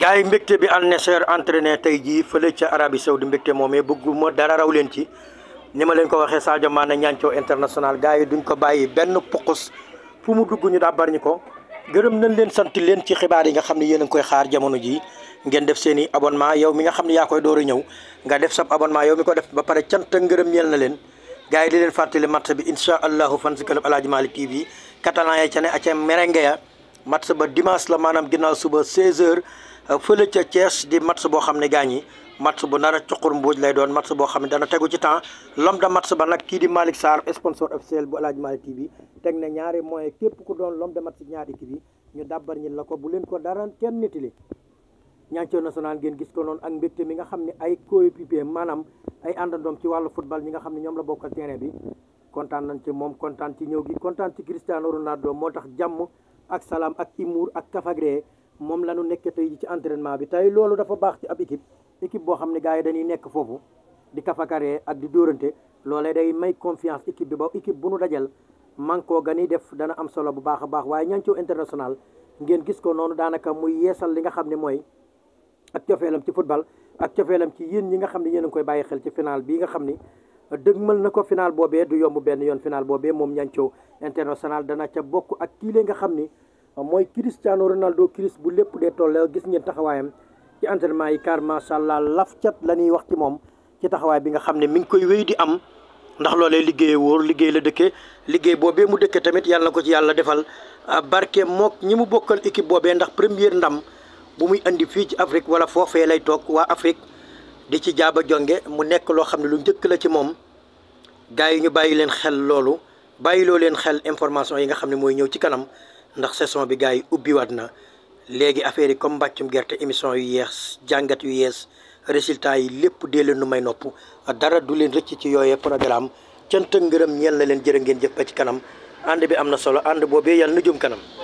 gars yi mbégte bi Al Nassr entraîné tey jii fële ca Arabie Saoudi mbégte moomee bëgguma dara raw leen ci ni ma leen ko waxee Sadio Mané ñaancoo international gars yi duñ ko bàyyi benn pokus fu mu dugg ñu daa bari ñu ko gërëm nañ leen santi leen ci xibaar yi nga xam ne yéen a ngi koy xaar jamono jii ngeen def seen i abonnement yow mi nga xam ne yaa koy door a ñëw nga def sab abonnement yow mi ko def ba pare cant ngërëm ñeel na leen gars yi di leen fàttali match bi incha allahu fan si club Aladji Malick TV catalan ya ca match ba dimanche la maanaam ginaaw suba 16h euh, fële ca Thiès di match boo xam ne gaañ yi match bu nar a cuqur mbuuj lay doon match boo xam ne dana tegu ci temps l'homme de match ba nag kii di Malick Sarr sponsor officiel bu laaj Hadj Malick TV teg na ñaari moyen képp ku doon l'homme de match ñaari kii bi ñu dàbbar ñi la ko bu leen ko dara kenn na ñaancoo national geen gis ko noonu ak mbégte mi nga xam ne ay coéquipier maanaam ay àndandoom ci wàllu football ñi nga xam ne ñoom la bokkal terrain bi kontaan nañ moom kontaan ci ñëw gi kontaan ci Cristiano Ronaldo moo tax jàmm ak salaam ak Imour ak Kafagré moom la ñu nekk tey ji ci entraînement bi tey loolu dafa baax ci ab équipe équipe boo xam ne gars yi dañuy nekk foofu di kafakaree ak di dóorante loole day may confiance équipe bi ba équipe bu nu dajal man koo gani def dana am solo bu baax a baax waaye ñancoo international ngeen gis ko noonu daanaka mu yeesal li nga xam ne mooy ak cofeelam ci football ak cofeelam ci yéen ñi nga xam ne yéen a koy bàyyi xel ci final bi nga xam ni dëgmal na ko final boobee du yomb benn yoon final boobee moom ñancoo international dana ca bokk ak kii nga xam ni mooy Cristiano Ronaldo Chris bu lépp dee toll gis ngeen taxawaayam ci entraînement yi car macha allah laf cat lañuy wax ci moom ci taxawaay bi nga xam ne mi ngi koy wéy di am ndax loolee liggéey wóor liggéey la dëkke liggéey boobee mu dëkke tamit yàlla ko ci yàlla defal barke mook ñi mu bokkal équipe boobee ndax premier ndam bu muy indi fii ci Afrique wala foofee lay toog waa Afrique di ci jaaba jonge mu nekk loo xam ne lu njëkk la ci moom gars yi ñu bàyyi leen xel loolu bàyyiloo leen xel information yi nga xam ne mooy ñëw ci kanam ndax saison bi gars yi ubbiwaat na léegi affaire yi comme mbàccum gerte émission yu yees jàngat yu yees résultat yi lépp dee leen nu may nopp dara du leen rëcc ci yooyee programme cant ak ngërëm ñeel na leen jërë ngeen jëf ci kanam ànd bi am na solo ànd boobee yàlla na jëm kanam